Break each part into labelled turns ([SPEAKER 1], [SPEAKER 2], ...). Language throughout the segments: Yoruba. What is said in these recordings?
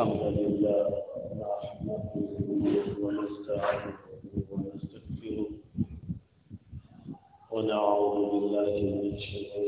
[SPEAKER 1] الحمد لله نحمده ونستعينه ونستغفره ونعوذ بالله من شرور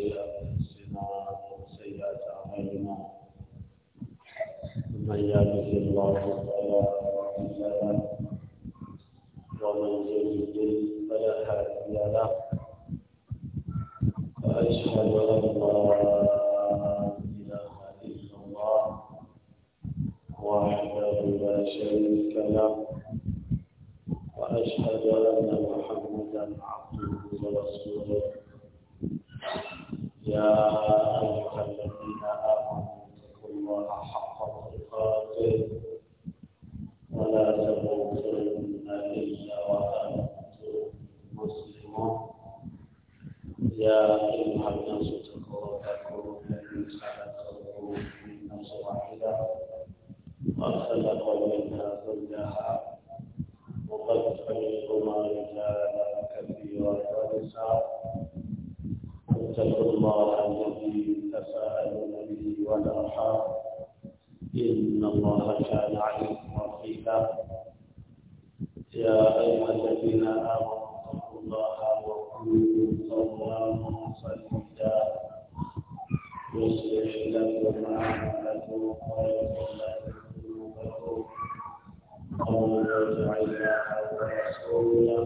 [SPEAKER 1] ಕೊಡುವುದಿಲ್ಲ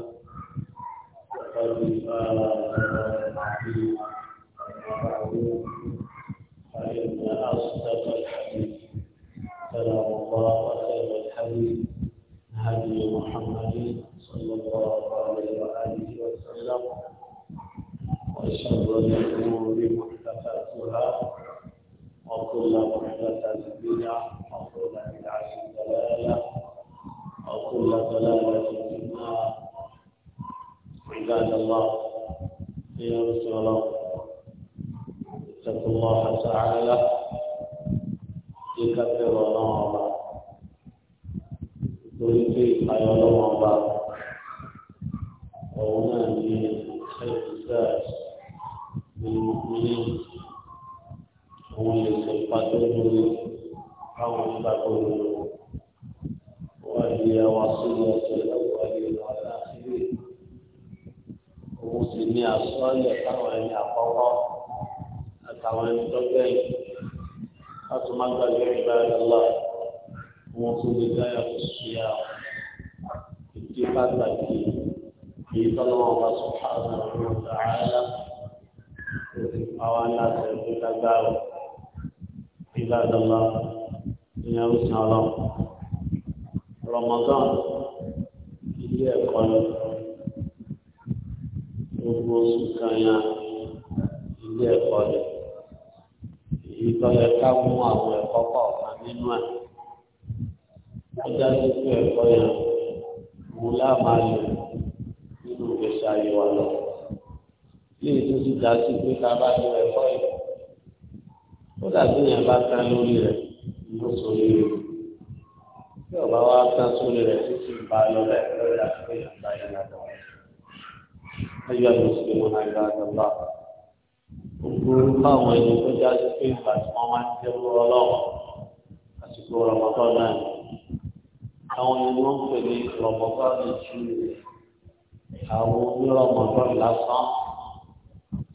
[SPEAKER 1] lórí pé ayọ̀ lọ́wọ́ bá ọ̀hún náà ní ṣẹ́ẹ̀tìsáàt nínú ní òun lè ṣe pàtó lórí àwọn ìgbàgbọ́ lórí wà ní àwọn sílẹ̀ ọ̀sẹ̀ lọ́wọ́ ayé wà láàárín òun sì ní àsọ́ọ̀lẹ̀ táwọn ẹni àkọ́kọ́ àtàwọn ẹni tó gbẹ̀yìn láti má gbàgbé ìgbà ẹ̀ lọ́wọ́ wọn tó lè dáyà tó ṣe à ètò pàtàkì èyí tọ́lọ́wọ́ wa sọ fáwọn ọ̀rọ̀ tààlà tó ti pàwọ́ láti ẹ̀kọ́ lágbára ìlàdọ́lá ìyá òsàn ọlọ́run Ramadan ilé ẹ̀kọ́ ni gbogbo oṣù kan ilé ẹ̀kọ́ ni èyí ká mú àwọn ẹ̀kọ́ kọ̀ọ̀kan nínú ẹ̀ ọjà tó kú ẹ̀kọ́ yẹn wò láàmáa lò nínú ìgbésí ayé wa lọ. Bí èyí tó ti dá sí pé ká bá lo ẹ̀kọ́ yẹn. Ó dàbí yẹn bá ká lórí rẹ̀ ló sórí rẹ̀. Bí ọba wa ká sórí rẹ̀ títí bá lọ lẹ́ẹ̀kọ́ rẹ̀ àti pé yẹn bá yẹn Ayọ̀ ló sì mú náà yọ àjọba. Òkúrú báwọn ẹni tó já pé ìgbà tí wọ́n máa ń jẹ́ lọ́wọ́ lọ́wọ́ àsìkò ọ̀rọ̀ mọ́tọ́ náà àwọn ẹni wọn pè ní rọmọbá ní ju àwọn onírọmọbá lásán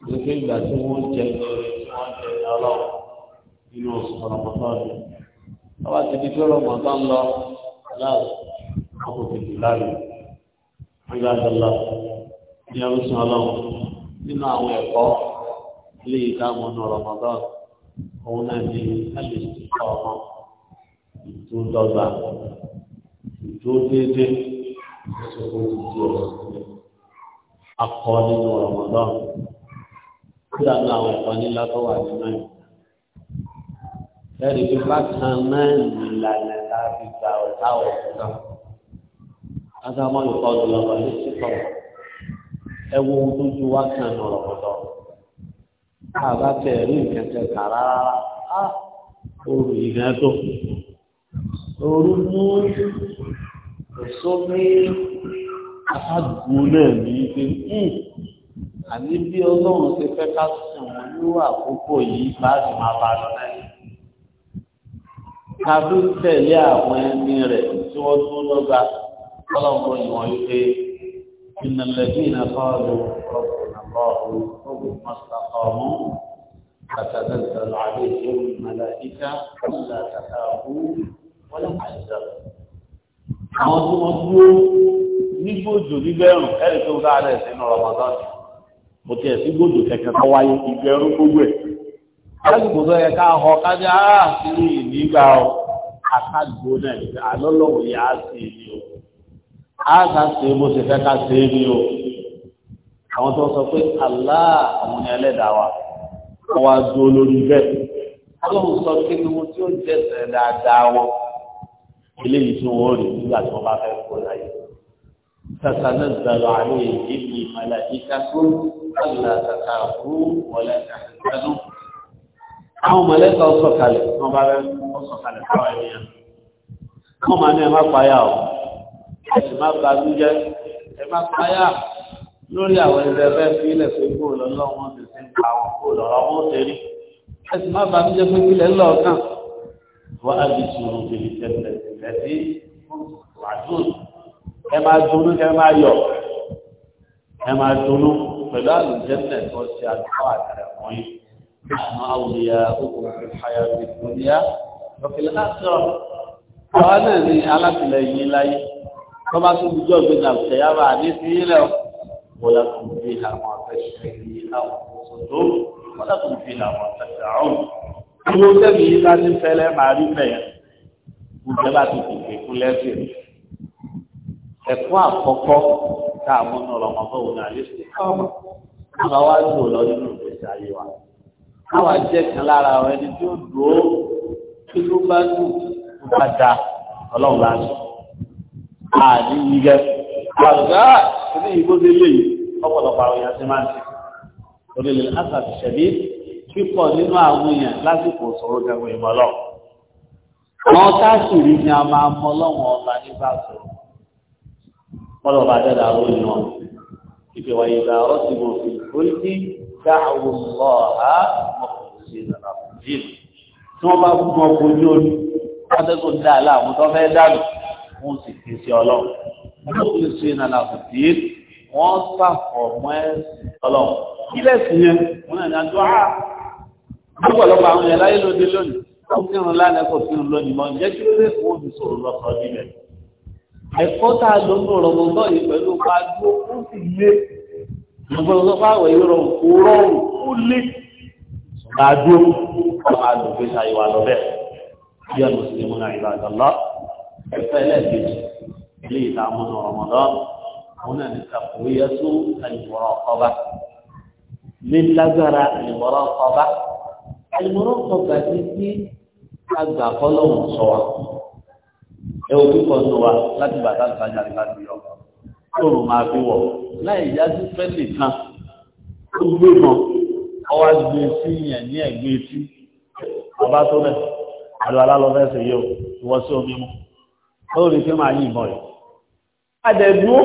[SPEAKER 1] gbogbo ìgbà tí wọn jẹ lórí tí wọn jẹ lọrọ nínú oṣù rọmọbá ni wọn bá ti di pé rọmọbá ń lọ láàrú wọn kò tètè láàrú wọn yá dọlà ní ẹrúsùn Ọlọ́run nínú àwọn ẹ̀kọ́ ilé ìdáàmú ní rọmọbá òun náà ní alẹ́ ìsìnkú ọmọ
[SPEAKER 2] ìtúndọgba
[SPEAKER 1] dúró déédéé lọ́sọ̀kọ́ ti di ọ̀rọ̀ sílẹ̀. Akọ nínú Ramadan. Kúrò ní àwọn ọ̀kan nílá tó wà nínú ẹ̀. Ẹ̀rí bí bákan náà nìlànà láti gba ọ̀tá ọ̀tá. Ádámọ́ ìkọ́ ọdún ọ̀rọ̀ ní sísọ̀. Ẹ wo ohun tó ju wákàn ní Ramadan. Káàbá tẹ̀ rí nǹkan kẹta rárá. Ó rù ìgbà tó òru mú ẹ̀sọ́ pé aṣáàgùn náà ní pé hmm, àní bí ọlọ́run ṣe fẹ́ ká sùn wọn ní àkókò yìí bá sì máa bá lọ lẹ́yìn. ká tó tẹ̀lé àwọn ẹni rẹ̀ tí wọ́n tún lọ́gbà ọlọ́run yìí wọ́n wípé ìnàlẹ́bí ìnàkọ́ọ̀lù ọ̀gbọ̀n àbọ̀ọ̀lù ọ̀gbọ̀n mọ́sàkọ̀ọ̀mù àtàtàtà àlejò màlàíkà ọ̀là àtàtà wọ́n lè máa ṣe lọ. àwọn tí wọ́n dúró nígbòjò nígbẹ̀rún ẹ̀rì tó dáa rẹ̀ sínú Ramadan mo tiẹ̀ sí gbòjò kẹ̀kẹ́ tó wáyé ìgbẹ̀rún gbogbo ẹ̀. lásìkò tó yẹ ká họ ká ní àá sínú ìnígbà ọ àkàgbò náà ìgbà àlọ́lọ́wọ̀ yà á sì ní o á kà sí bó ṣe fẹ́ ká sí ní o àwọn tó sọ pé Allah àwọn ni ẹlẹ́dàá wa wọ́n wá dúró lórí bẹ́ẹ̀ ọlọ́run sọ pé ní wọn tí ó jẹ́ dáadáa wọn eléyìí tí wọ́n rí nígbà tí wọ́n bá fẹ́ kó láyé. Sàtà náà gbàgbọ́ àlọ́ èyí ni ìmọ̀lá ìka tó àlùlà kàkà kú wọlé kàkàdú. Àwọn mọ̀lẹ́kà ó sọ̀kalẹ̀ tí wọ́n bá fẹ́ kó sọ̀kalẹ̀ fáwọn ènìyàn.
[SPEAKER 2] Wọ́n máa ní ẹ má payá o,
[SPEAKER 1] ẹ sì má ba lújẹ́, ẹ má payá lórí àwọn ẹgbẹ́ fẹ́ fi ilẹ̀ pé kó lọ́lọ́ wọn ti ti pa àwọn kó lọ́rọ́ wọn tẹ̀lé. Ẹ sì má ba lújẹ́ pé kílẹ̀ ńlọ́ọ̀kan. Wọ́n á di sùúrù bèrè tẹ́lẹ̀ lẹ́sí wàdùn ẹ máa dùnnú kẹ máa yọ̀ ẹ máa dùnnú pẹ̀lú àlùjẹ́sẹ̀ tó ṣe àdúgbò àtàrà wọ́n yìí àwọn àwòyà ogun ìfàyà ìdúnyà lọ́kìlẹ̀ lásìrọ̀ àwọn náà ní alátìlẹyìn láyé wọ́lá kò fi àwọn afẹ́ṣẹ́ ní àwọn òṣòdó wọ́lá kò fi àwọn afẹ́ṣẹ́ àwọn. Ìwọ́n tẹ̀mí yìí bá fẹ́lẹ́ màá rí bẹ̀yẹn ìjọba ti tètè fún lẹ́sìn ẹ̀kọ́ àkọ́kọ́ tá a múnú ọlọ́mọbọ wò ní alẹ́ sí káwọn àwọn wa dùn lọ nínú ìgbésí ayé wa káwa jẹ́ kan lára àwọn ẹni tí ó dùn tí ló bá dùn ó bá da ọlọ́run bá sọ àní yíyẹ àgbà ní ìbò délé yìí ọ̀pọ̀lọpọ̀ àwọn èèyàn ti máa ń ṣe orílẹ̀ àtàtì ṣẹ̀dí pípọ̀ nínú àwọn èèyàn lásìkò sọ̀rọ̀ gẹ̀gùn ìmọ̀ àwọn káàkiri ni a máa mọ lọ́wọ́ ọba nígbà tó mọ́lọ̀ bá dẹ́dà ó ní wọn ìpè wáyé bá ọ ti mọ̀ fi orí dáhùn lọ ha mọ̀kùnrin sí ìlànà òjì tí wọ́n bá kú mọ́ ojú omi adẹ́gùn dá aláàmú tó fẹ́ dànù wọ́n sì sí ọlọ́run mọ̀kùnrin sí ìlànà òjì wọ́n sàfọ̀ mọ́ ẹ̀sìn ọlọ́run kí lẹ́sìn yẹn wọ́n náà ní adúlá
[SPEAKER 2] ọ̀pọ̀lọpọ̀ àwọn yẹn láyé
[SPEAKER 1] lóde lónìí ó kírun lánàá kò kírun lónìí mọ́ ǹjẹ́ kí ló lè fún òbí sọ̀rọ̀ lọ́sọ̀ nílẹ̀. ẹ̀kọ́ tá a lọ nù rọ̀mọ́ náà yìí pẹ̀lú pa dúró ó sì lé ọgbọ́n tó bá wẹ̀ yìí rọrùn kó rọrùn ó lé ṣùgbọ́n a dúró ọmọ àlùfẹ́ ṣàyẹ̀wò àlọ́bẹ̀ bí ọ̀nà mùsùlùmí náà ìlú àjọlọ́ ẹ̀fẹ́ ẹlẹ́ẹ̀kejì ilé ìtààmúnú ọ̀rọ̀mọ̀lọ́ àwọn náà ní àlùmọ́rọ́ kan gbàdí sí àgbà fọlọ́hún sọ wa ẹ ò dúkọ̀ nù wa láti bàtà ìtajà láti yọ lóru máa fi wọ̀ láì yájú fẹ́lẹ̀ kan ó gbé mọ́ ọwọ́ gbé sí yẹn ní ẹ̀gbẹ́ etí ọba tó bẹ̀ àlọ́ alálọ́fẹ́ sì yóò wọ́ sí omi mu ó rí fí máa yìnbọn rẹ̀. Adẹ̀dúró,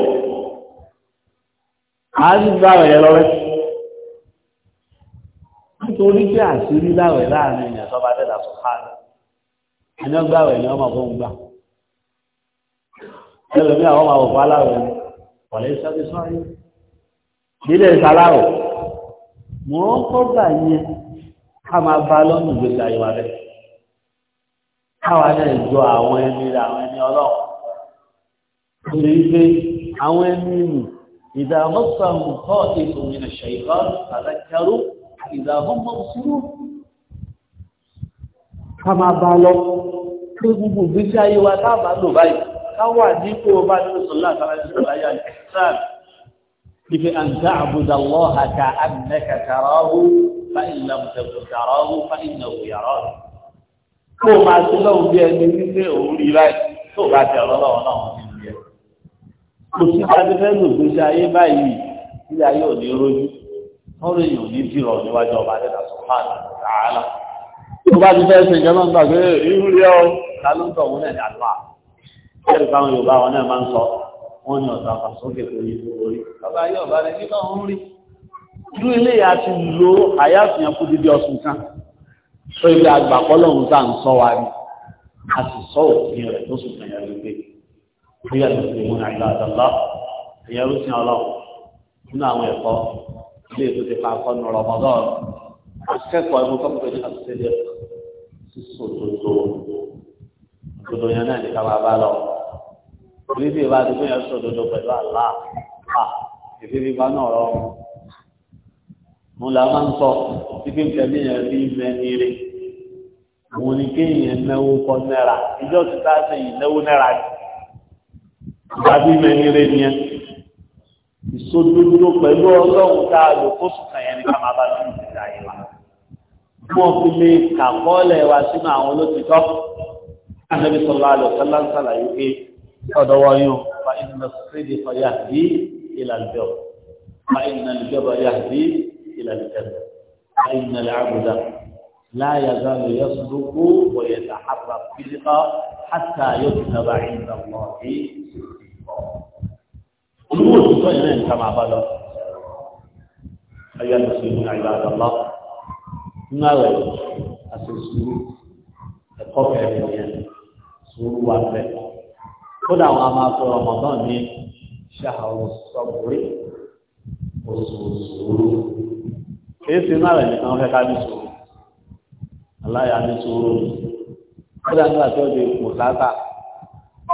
[SPEAKER 1] àá ń gbá rẹ̀ lọ́rẹ́ nítorí pé àṣírí láwẹ̀ láàrin èèyàn tó bá dẹ́dà sọ káàdì ẹni ọgbàwẹ̀ ni ọmọ fún gbà ẹlòmí àwọn ọmọ àwòfà aláwẹ̀ ọ̀lẹ́ sáré sáré nílẹ̀ ìsàláwọ̀ mọ́ kọ́gbà yẹn ká máa bá lọ́nà ìgbésí ayé wa rẹ̀ káwa náà jọ àwọn ẹni rẹ̀ àwọn ẹni ọlọ́run torí pé àwọn ẹni nì ìdààmú sàmùkọ́ ìfòmìnà ṣèkọ́ àtàkẹ́rù ìgbà ọmọ òṣùrù ká máa bá lọ pé gbogbo ìgbésí ayé wa tá a bá lò báyìí ká wà nípò bá ní sọlá àtàlẹ́sọ̀rọ̀ ayé àti sáà ife an ta'budu allaha ka annaka tarahu fa in lam takun tarahu fa innahu yarak ko ma ti lọ wọ́n lè ní dìrọ̀ níwájú ọba àdẹ́dà sọ̀hánà tààlà tó bá ti fẹ́ ṣe ìjọba ń gbàgbé irú rí ọ lálóńtọ̀ òun náà ní àlùfà ẹ̀rù káwọn Yorùbá wọn náà máa ń sọ wọn ní ọ̀sán àfàsókè orí orí bàbá yóò bá rẹ nígbà wọn rí irú ilé yà ti lo àyàfihàn kú dídí ọsùn kan tó ibi àgbà pọ́lọ́hún tá ń sọ wa ni a ilé ètò ti pa akọ́nu rọmọdọ́n akẹ́kọ̀ọ́ ẹ̀mú tó ń pè ní àtúnṣe sísò tòótò òdodo yẹn náà ní ká máa bá lọ orí bí ìbá àdúgbò yẹn sọ òdodo pẹ̀lú àlá à èdè bíbá náà rọ mo là máa ń sọ ibi ń tẹ̀lé yẹn bí ń bẹ ní rí kéèyàn náwó kọ náírà ìjọ ti tá a ṣe náírà ni ìgbà bí ń bẹ ní rí ìsodúdúró pẹ̀lú ọlọ́run tá a lò fóṣù kan yẹn ní ká máa bá lóyún ìdílé ayé wa. bí wọ́n fi lè kàkọ́ọ̀lẹ̀ wa sínú àwọn olótìtọ́ Ànábì sọlá àlọ́ sọlá ń sàlàyé pé ọ̀dọ̀ wọn yóò fa iná sídì ọ̀yà bí ìlàlùjọ́ fa iná lùjọ́ ọ̀yà bí ìlàlùjọ́ fa iná làbùdà láyà zanu yẹ sùdúkú wọ̀yẹ̀ tàhábà fìdíkà hàtà yóò fi ká máa bá lọ ayé àlùsùlùmí àyà àgbàlá nínú àwẹ̀ àti sùúrù ẹ̀kọ́ kẹrin yẹn sùúrù wà fẹ́ kódà àwọn a máa sọ ọmọdán ní ṣàhàrù sọ̀bùrí oṣù sùúrù kìí ṣe náà rẹ̀ nìkan fẹ́ ká ní sùúrù aláya ní sùúrù kódà nígbà tó di mùsàtà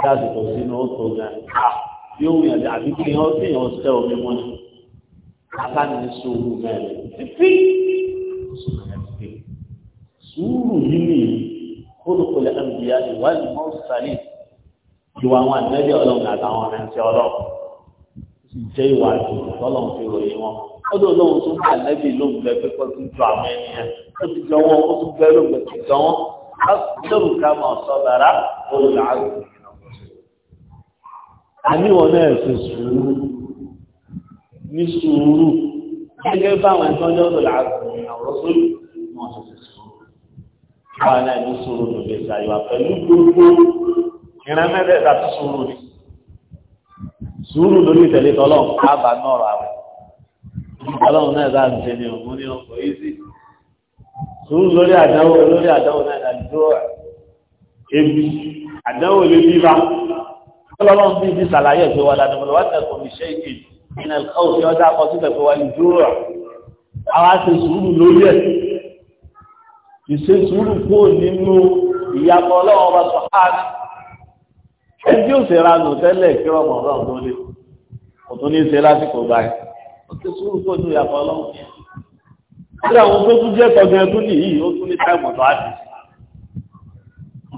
[SPEAKER 1] kí àsìkò sínú tó gan-an yóò yàn dé àbí kí wọ́n sì yàn sẹ́ omi wọn akáni ní sùúrù mẹ́rin títí sùúrù yìí ni kólókòlè ẹnbíyá ìwádìí mọ́ sálẹ̀
[SPEAKER 2] ìwà àwọn àtẹ́bí ọlọ́run àtàwọn
[SPEAKER 1] ọ̀rẹ́nsẹ́ ọlọ́run sì jẹ́ ìwà ìtọ́lọ́run fi ròyìn wọn ó dùn lóhun tó bá àtẹ́bí lóhun bẹ pé kó tún ju àwọn ènìyàn ó ti jọ wọn ó tún bẹ lóhun bẹ ti jọ wọn á lóhun ká mọ̀ sọ́bàrà olùdàgbò àníwọ̀n náà ṣe sùúrù ní sùúrù gẹ́gẹ́ báwọn ìtọ́jọ́ tó làásùn àwọn sórí wọn ṣe ṣe sùúrù wọn náà ní sùúrù tó lè ṣàyọ̀ pẹ̀lú gbogbo ìran mẹ́rẹ̀ẹ́ta tó sùúrù ni sùúrù lórí ìtẹ̀lé tọ́lọ́ àbá náà rà rẹ̀ ọlọ́run náà dáa ń ṣe ni ní ọkọ̀ yìí sùúrù lórí àdánwò lórí àdánwò náà dàdúrà ebi àdánwò lè bí bá ọlọ́run bí ibi sàlàyé ẹ̀fẹ́ wa lánàá wọ́n tẹ̀kọ̀ mi ṣe ìkè ìnà òfin ọjà kan síbẹ̀ pé wọ́n dúró rà àwa ṣe sùúrù lórí ẹ̀ ìṣe sùúrù kó nínú ìyàpọ̀ ọlọ́run ọba sọ hàn ẹni yóò ṣe ra nù tẹ́lẹ̀ kí ọmọ ọlọ́run tó lé kò tún ní ṣe lásìkò báyìí ó ti sùúrù kó nínú ìyàpọ̀ ọlọ́run kí àwọn tó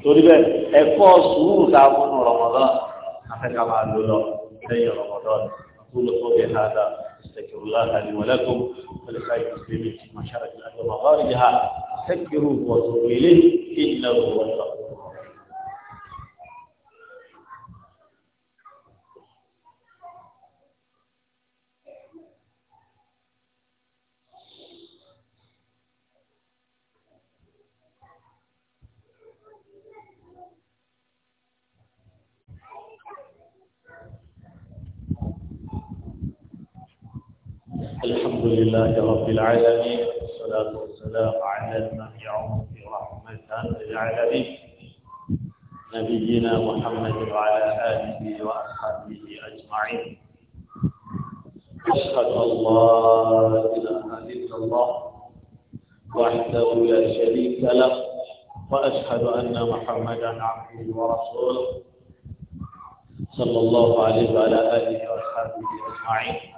[SPEAKER 1] tún ẹ tó sùúrù tá a fún un rọ̀mọ̀dán حتى عن اللولا لي رمضان أقول قولي هذا أستكر الله لي ولكم ولسائر المسلمين في مشارك الأرض ومغاربها استغفروه وتوبوا إليه إنه هو الغفور
[SPEAKER 2] الحمد لله رب العالمين
[SPEAKER 1] والصلاة والسلام على في رحمة العالمين نبينا محمد وعلى آله وأصحابه أجمعين أشهد أن لا إله إلا الله
[SPEAKER 2] وحده لا شريك له
[SPEAKER 1] وأشهد أن محمدا عبده ورسوله صلى الله عليه وعلى آله وأصحابه أجمعين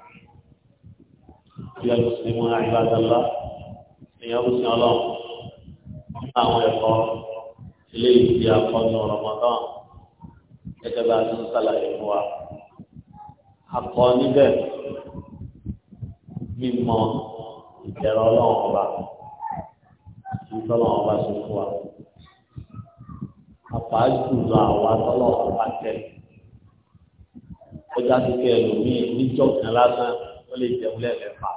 [SPEAKER 2] ìyá lùsùlùmọ́ àìbádọ́lá
[SPEAKER 1] ìyá lùsùn ọlọ́run nípa àwọn ẹ̀kọ́ eléyìí ti akọ́nù Ramadan gẹ́gẹ́ bá a ti ń sàlàyé fún wa. akọ níbẹ̀ mímọ ìbẹ̀rẹ̀ ọlọ́run ọba ìtọ́lọ́run ọba ṣe fún wa. àpájùlọ àwa tọ́lọ́run ọba tẹ̀ ó já sí kẹ́ ẹlòmíì níjọ́ kan lásán ó lè jẹun lẹ́ẹ̀mẹ́fà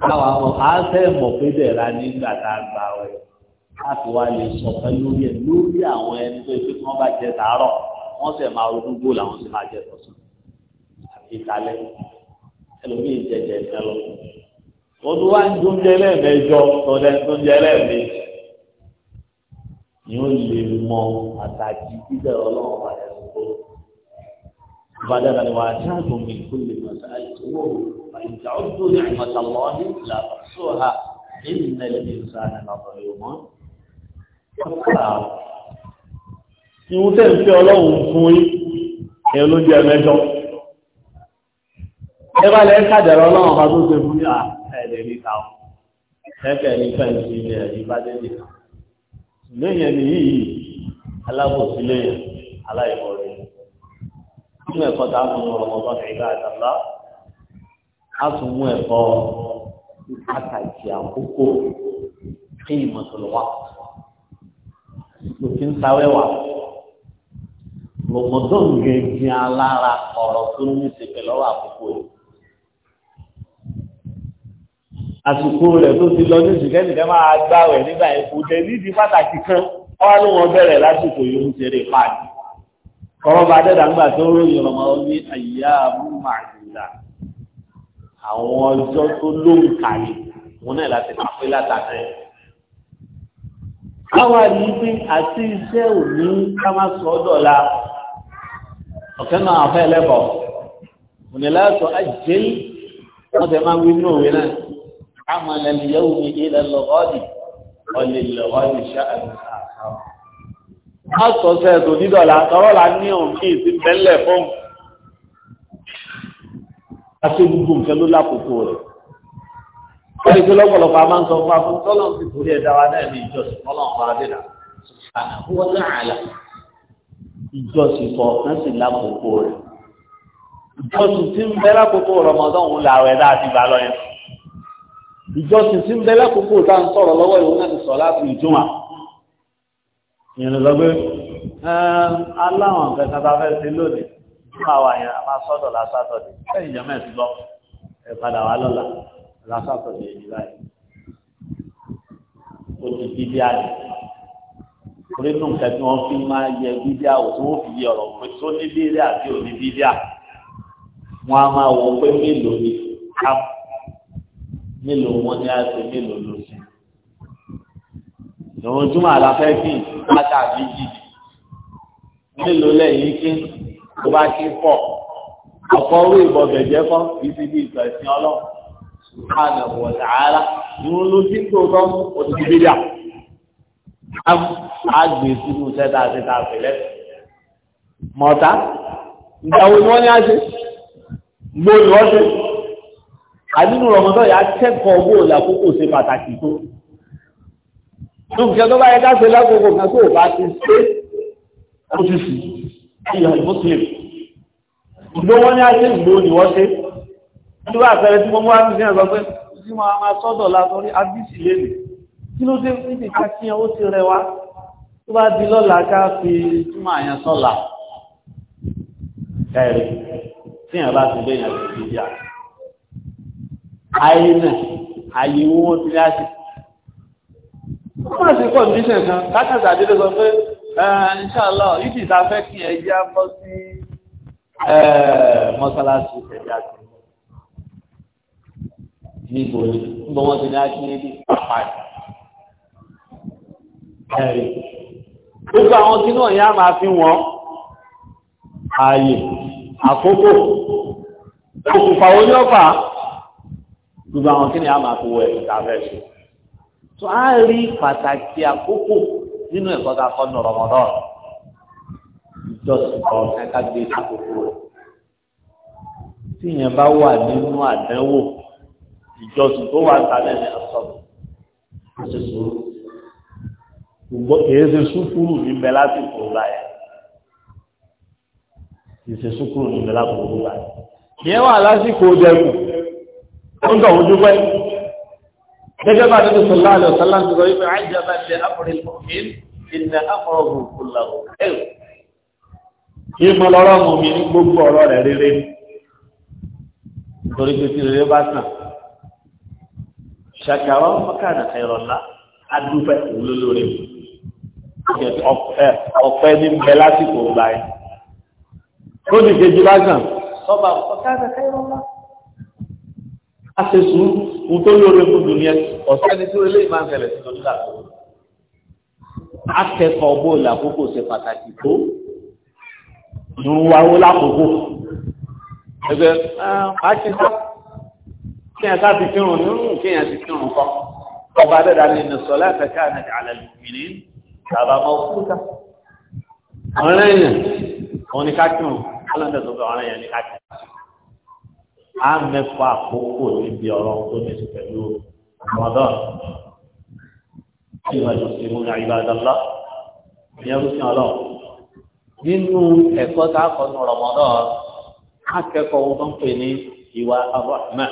[SPEAKER 1] káwa mọ̀ á fẹ́ mọ̀ pé bẹ̀rẹ̀ nígbà tá a gbà wẹ̀ á fi wá lè sọ̀kan lórí ẹ̀ lórí àwọn ẹni tó ṣe kí wọ́n bá jẹ tàárọ̀ wọ́n sì máa rúgbó làwọn sì máa jẹ tọ̀sán àti kalẹ̀ ẹlòmíì jẹjẹ ìfẹ́ lọ. Odún wa ń dúnjẹ lẹ́ẹ̀mẹjọ tọ́lẹ̀ ń dúnjẹ lẹ́ẹ̀mejì. Ni ó lè mọ pàtàkì bíbẹ̀ ọlọ́run wáyé. بدل الواتاكم من كل ما سألتموه فإن تعدوا نعمة الله لا تحصوها إن الإنسان لظلوم Ìwọ́n tẹ́ ń fẹ́ ọlọ́run fún yí, ẹ ló jẹ mẹ́jọ. Ẹ bá lẹ́ kàdẹ̀rẹ̀ ọlọ́run bá tó ṣe fún ní ta ọ. Ẹ̀kẹ́ ní fẹ́ǹsì ilẹ̀ ẹ̀rí bá dé nínú ẹ̀kọ́ tá a mú ọ̀rọ̀ ọ̀dọ́ ní ìlú àdàlá a tún mú ẹ̀kọ́ pàtàkì àkókò kí ìmọ̀tòlówà òfin sáwẹ́wà lọ́mọdún gẹ̀ẹ́gẹ́ alára ọ̀rọ̀ tó ní ṣe pẹ̀lú àkókò yìí àsìkò rẹ̀ tó ti lọ ní ìsìnkẹ́ nìkẹ́ máa gbá rẹ̀ nígbà yẹn kò tẹ̀ nídìí pàtàkì kan ọ̀rọ̀ ló wọn bẹ̀rẹ̀ lásìkò yìí ń ṣeré páàdì kọ́rọ́ bá dẹ́dà ńgbà tó ròyìn ọmọ ní àyà màdìlá àwọn ọjọ́ tó lóhùn kàlẹ̀ wọn náà láti máa pé látàkẹ́. káwa ní pé àti iṣẹ́ òní ká má sọ ọ́ dọ̀la ọ̀kẹ́ náà afẹ́ ẹlẹ́bọ̀ òníláàtọ̀ àjẹ́ wọ́n tẹ máa ń wí ní òwe náà àmọ́ ẹlẹ́lẹ́yẹ́wò mi ilẹ̀ lọ́gọ́dì ọ̀lẹ́lẹ́gọ́dì ṣáà má sọ sẹ́ẹ̀ tó dídọ̀là tọrọ la ní òǹkì sí bẹ́lẹ̀ fún àti gbogbo nǹkan ló lákòókò rẹ̀ wọ́n ti fi lọ́pọ̀lọpọ̀ a máa ń sọ fún afún tọ́lọ̀ ti torí ẹ̀dá wa náà ní ìjọsìn ọlọ́run wa dínà wọ́n láàlà ìjọsìn kọ̀ọ̀kan sì lákòókò rẹ̀ ìjọsìn tí ń bẹ lákòókò rọmọdán òun làwẹ̀ dá àti ìgbà lọ yẹn ìjọsìn tí ń bẹ lákòókò tá à ń sọ̀rọ̀ lọ́wọ́ ìwọ́n náà ti sọ̀ láti ìjùmọ̀ ìrìn lọ pé aláwọn kẹta bá fẹ́ sí lónìí máa wà yẹn a máa sọ́dọ̀ lásàtọ̀dẹ̀ ẹ̀yìn jẹ́ mẹ́sì lọ ẹ padà wá lọ́la lásàtọ̀dẹ̀ èyí báyìí ó ti bí bí àyè orí nù nǹkan tí wọ́n fi máa yẹ bíbíà ò tí wọ́n fi yẹ ọ̀rọ̀ pé tó ní bíbíà àti òní bíbíà wọ́n á máa wọ pé mélòó ni ká mélòó wọn ni a ṣe mélòó ló ṣe. ìròyìn túmọ̀ àlàfẹ́ bíi bàtà méjì mélòó lẹ́yìn kí o bá kí pọ̀ ọ̀pọ̀ owó ìbọn bẹ̀jẹ̀ kọ́ ibi ní ìtọ̀sìn ọlọ́run sùpàdé wọ̀ sàárà ìwọ̀n ló ti tó tọ́ òtítí bídà àgbè sínú sẹ́ta sẹ́ta fẹ̀lẹ́ mọ̀tá ìgbàwó ni wọ́n ní àṣẹ gbòòlù ọ̀ṣẹ́
[SPEAKER 2] àdínú rọ̀mọ́tọ́ yà kẹ́kọ̀ọ́
[SPEAKER 1] bóòlù àkókò ṣe pàtàkì tó lóòótọ́ tó bá yẹ ká ṣe lákòókò kan tó bá ti ṣe ó ti sì ìyá muslim ṣùgbọ́n wọ́n ní ajé ìgbò ni wọ́n ṣe tí wọ́n àpẹẹrẹ tí wọ́n mú àmì sínú ọgbẹ́ tí wọ́n máa sọ́dọ̀ látọ́rí abísì lèlè kí ló dé fún ìdíkà kí ó ti rẹwà tó bá di lọ́la ká fi túmọ̀ àyàn sọ́la ẹ̀rí tí yàn bá ti lé yàn lè ayé náà ayé owó tí wọ́n ti wọ́n sì kọ́ mission kan kákàtà àdédé sọ pé inṣàlá yìí ta fẹ́ kí ẹ yá bọ́ sí mọ́sálásí tẹ̀lé àti níbo ni níbo wọn ti ní akínyẹ̀dì pàpàdé ẹ̀rí gbogbo àwọn tí náà yá máa fi wọ́n ààyè àkókò
[SPEAKER 2] òkùnfà oníọ̀fà
[SPEAKER 1] gbogbo àwọn tí náà yá máa fi wọ ẹ̀rí ta fẹ́ ṣe tó á rí pàtàkì àkókò nínú ẹ̀kọ́ tá a kọ́ ní Ramadan ìjọsìn kan ẹ̀ka gbé àkókò rẹ̀ tí yẹn bá wà nínú àdánwò ìjọsìn tó wà sálẹ̀ ní asọ́nù ó ṣe sùúrù ṣùgbọ́n kì í ṣe sùkúrù níbẹ̀ lásìkò báyìí kì í ṣe sùkúrù níbẹ̀ lásìkò báyìí yẹn wà lásìkò dẹkùn ó ń tọ̀ ojú pẹ́ gẹ́gẹ́ bá nínú sọ̀lá àlọ́ sọ́lá ti sọ wípé àìjà bá ṣe àpòrìl mọ̀mìn ìnà àpòrògùn kùlàwò ẹ̀rù. ìmọ̀ lọ́rọ̀ mọ̀mìn ní gbogbo ọ̀rọ̀ rẹ̀ rere nítorí pé tí rere bá sàn ṣàkàrọ̀ mọ́kànà ẹ̀rọ̀lá adúfẹ́ olólórí ọ̀pẹ ní bẹ lásìkò gbà yẹn. ó ní kejì bá sàn sọ́ba mọ́kànà ẹ̀rọ̀lá a ṣe sùn kò tó lóore fún dùn yẹn ọ̀sẹ̀ ni tí eléyìí máa ń tẹ̀lẹ̀ sí lọ́dún láti akẹ́kọ̀ọ́ bó làkókò ṣe pàtàkì tó ìrùwàwó lákòókò ẹgbẹ́ àṣìṣe ah, kí ẹ̀ká ti kírun nínú kí ẹ̀ ti kírun kọ́ ọba dẹ́dà ní ìnìsọ̀lá ẹ̀fẹ̀ká àti àlẹ́lùmìnì àbámọ́ fúta ọ̀rẹ́yìn òun ni ká kírun ọlọ́dẹ̀ tó bẹ̀ ọ̀rẹ́yìn ni ká kírun á mẹ́fọ́ àkókò níbi ọ̀rọ̀ tó ní sí pẹ̀lú Ramadan tí wọ́n lọ sí ìmúra ìbádọ́lá ìyẹn ló sìn ọlọ́run nínú ẹ̀kọ́ tá a kọ́ ní Ramadan akẹ́kọ̀ọ́ wọn tó ń pè ní ìwà abúlé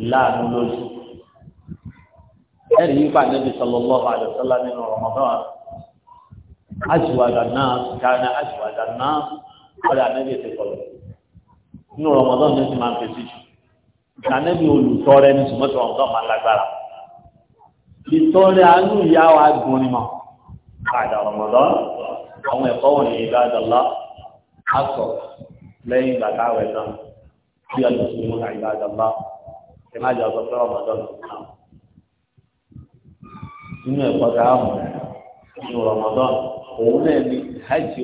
[SPEAKER 1] ìlànà lójú ẹ̀rí yípa níbi sallallahu alaihi wasallam nínú Ramadan aṣíwájú náà kí nínú rọmọdán ní ti máa fèsì jù ìdánábì olùtọrẹ ní ṣùgbọ́n tí máa lágbára ìtọrẹ àánú ìyá wa gùn ni mọ àdà rọmọdán àwọn ẹ̀kọ́ wọ̀nyí lẹ́yìn náà bí ẹ má ẹ̀kọ́ a mọ òun náà ní hajj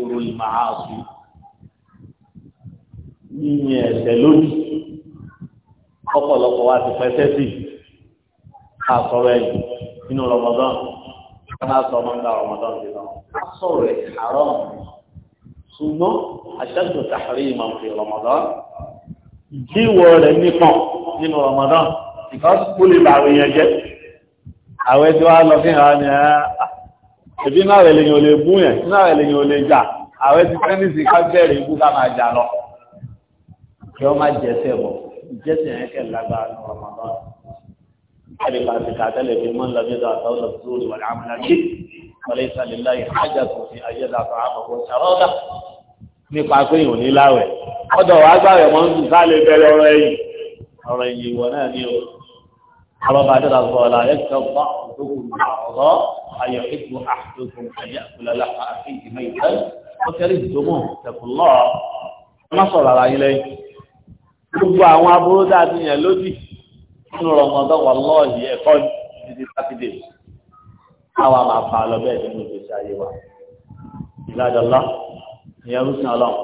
[SPEAKER 1] yíyan ẹ̀sẹ̀ lójú ọ̀pọ̀lọpọ̀ wa ti pẹ́sẹ́ sí àsọ̀rọ̀ ẹ̀yìn nínú rọmọdán aláṣọ ọmọ ńlá rọmọdán ti lọ sọ̀rọ̀ ẹ̀ haram ṣùgbọ́n aṣáájú tàhárí ìmọ̀ fi rọmọdán ìdíwọ̀ rẹ̀ nípọn nínú rọmọdán because kó lè bá àwọn èèyàn jẹ́ àwọn ẹjọ́ wa lọ fi hàn ní ẹbí ah, náà rẹ̀ lèyìn ò lè bú yẹn náà rẹ̀ lèyìn ò lè jà àwọn ẹjọ́ tẹ́nísì ká bẹ̀rẹ̀ ikú ká máa jà lọ kí wọ́n má jẹ́sẹ̀ bọ̀ jẹ́sẹ̀ yẹn kẹ́ lágbára ní ọmọdé káàdì bá ti kàtẹ́lẹ̀ fi mọ́ lọ nígbà tó lọ sí òṣùwà àmàlà kí wọlé ìsàlélá ìhájà tó fi ayé dàtọ̀ àmọ̀kò sàrọ́dà nípa pé ìhùn ní láwẹ̀ ọdọ̀ wàá gbàwẹ̀ mọ́ ń sá lè bẹ̀rẹ̀ ọ̀rọ̀ ẹ̀yìn ọ̀rọ̀ ẹ̀yìn ìwọ náà ní o àwọn bá dé lásán ọ̀la ẹ̀ tó bá òdòkùn ọ̀rọ̀ ayọ̀ ìbò àdókùn ayé àkùlálà àti ìdìmọ̀ ìtẹ́ ó kẹ́rì ìdòmọ̀ tẹ̀kùlọ́ọ̀ gbogbo àwọn aburú dáadé yẹn lódì nínú rọmọdán wà lọ́ọ̀yì ẹ̀kọ́ títí sátidé káwa máa fa lọ bẹ́ẹ̀ nínú ìgbésí ayé wa ìlàjọlá ìyẹn rúṣin ọlọ́run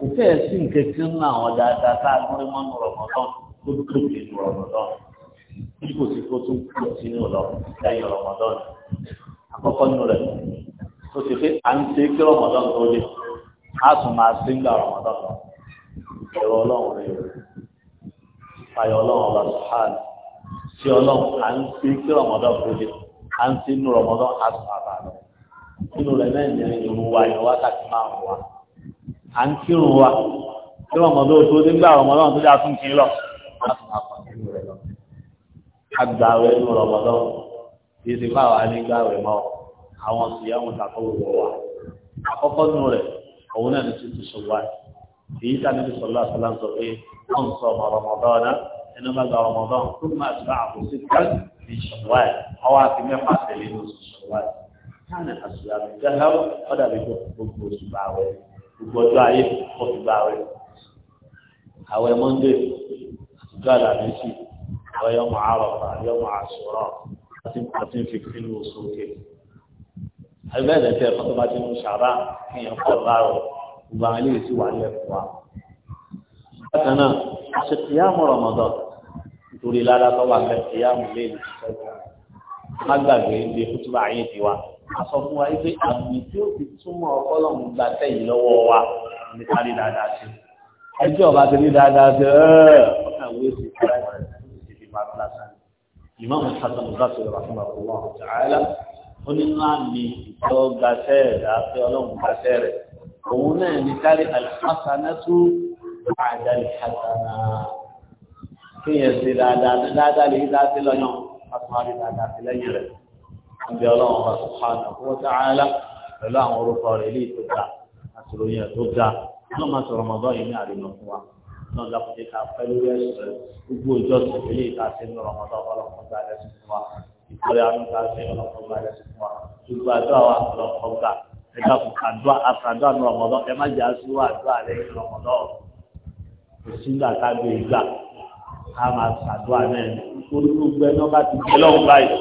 [SPEAKER 1] kò fẹ́ẹ̀ sí nǹkan tí ń ná àwọn dáadáa tá a tún rí mọ́nú rọmọdán tó dúró nínú rọmọdán bí kò sí kó tún kú sínú lọ lẹ́yìn rọmọdán àkọ́kọ́ nínú rẹ̀ tó ti fi à ń ṣe kí rọmọdán tó dé a tún máa ṣe ń rọmọdán lọ ẹ̀rọ ọlọ́run rẹ̀ fàyọ̀ ọlọ́run ọba sùhánù sí ọlọ́run à ń sí kí rọmọdán kọjá à ń sí inú rọmọdán àtúnwà bá lọ nínú rẹ̀ náà ní irun wa ìrún wákàtí máa ń wà à ń kírun wa kí rọmọdán tó nígbà rọmọdán tó dáa tún kí lọ àtúnwà kan nínú rẹ̀ lọ agbáwé inú rọmọdán kì ti fáwọn anígbàwé mọ àwọn sì yá wọn tàkọ́ wọ wa àkọ́kọ́ nínú rẹ̀ òun náà ní tuntun sọ wáyé. فيك النبي صلى الله عليه وسلم تقول من صام رمضان انما ذا رمضان ثم اتبعه سته من شوال او في مئه من شوال كان اسلام الذهب قد بيكون بوكو سباوي بوكو جاي بوكو سباوي هاو يموندي قال عليه ويوم عرفة يوم عاشوراء أتم أتم في كل وصوله هل ماذا في خطبة شعبان كان يفضل gbogbo àwọn eléyìí sì wà ní ẹ̀kọ́ wa. bákan náà a ṣe kìyàmù rọmọdọ nítorí lára tó wà bẹ kìyàmù léèlì ṣẹgun má gbàgbé ibi kútùbà yín ti wa. a sọ fún wa pé àmì tí ó fi túmọ̀ ọkọlọ́mù gba tẹ̀yìn lọ́wọ́ wa ní kárí dáadáa sí. ẹjọ́ ọba ti rí dáadáa sí ẹ́ẹ̀ ọ̀kan ìwé sí primary ìdí máa ń lásán. ìmọ̀ọ́mù sátán ọ̀gá sọ̀rọ̀ wà fún bàbá wọn ọ̀tá ó ní máa mi ìtọ́ gbaṣẹ́ rẹ̀ àti ọlọ́run gbaṣẹ́ rẹ̀ òun náà ní kárí alhassanatu àdàlìhàsánà kéèyàn ṣe dáadáa dáadáa lè dá sí lọ́yàn fásitì dáadáa sí lẹ́yìn rẹ̀ àbí ọlọ́run fásitì kó sáárá pẹ̀lú àwọn orúkọ rẹ̀ ilé tó ga àtìlóyìn tó ga náà máa sọ̀rọ̀ mọ́tò yìí ní àdínà fún wa náà lápòjé ká pẹ́ lórí ẹ̀sùn rẹ̀ gbogbo ìjọ tó ilé ìta sí ní ọlọ́run gbà ọlọ́run gbà lẹ́sùn fún wa gbogbo ẹ̀dá kò kàdúà àkàdúà ní ọmọdọ́ ẹ má jà sí wà àdúà lẹ́yìn ọmọdọ́ òsíngbà kábí ìgbà ká máa kàdúà náà nítorí gbogbo ẹni ọba ti jẹ́ lọ́wọ́ báyìí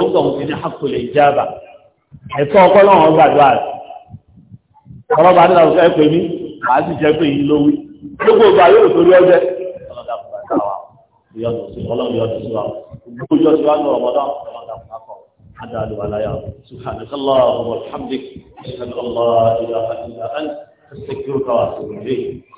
[SPEAKER 1] ó sọ̀ ní ní àkọlẹ̀ ìjábà ẹ̀tọ́ ọkọ́ lọ́wọ́ gbàdúà rẹ̀ ọlọ́ba ní àwọn ẹ̀pẹ́ mi màá sì jẹ́ pé yìí lówí gbogbo ìgbà yóò torí ọjẹ́ ọlọ́dà kò bá حدال ولا رب سبحانك اللهم وبحمدك أشهد أن لا إله إلا أنت أستغفرك وأتوب إليك